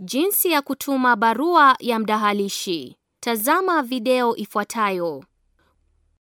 Jinsi ya kutuma barua ya mdahalishi. Tazama video ifuatayo.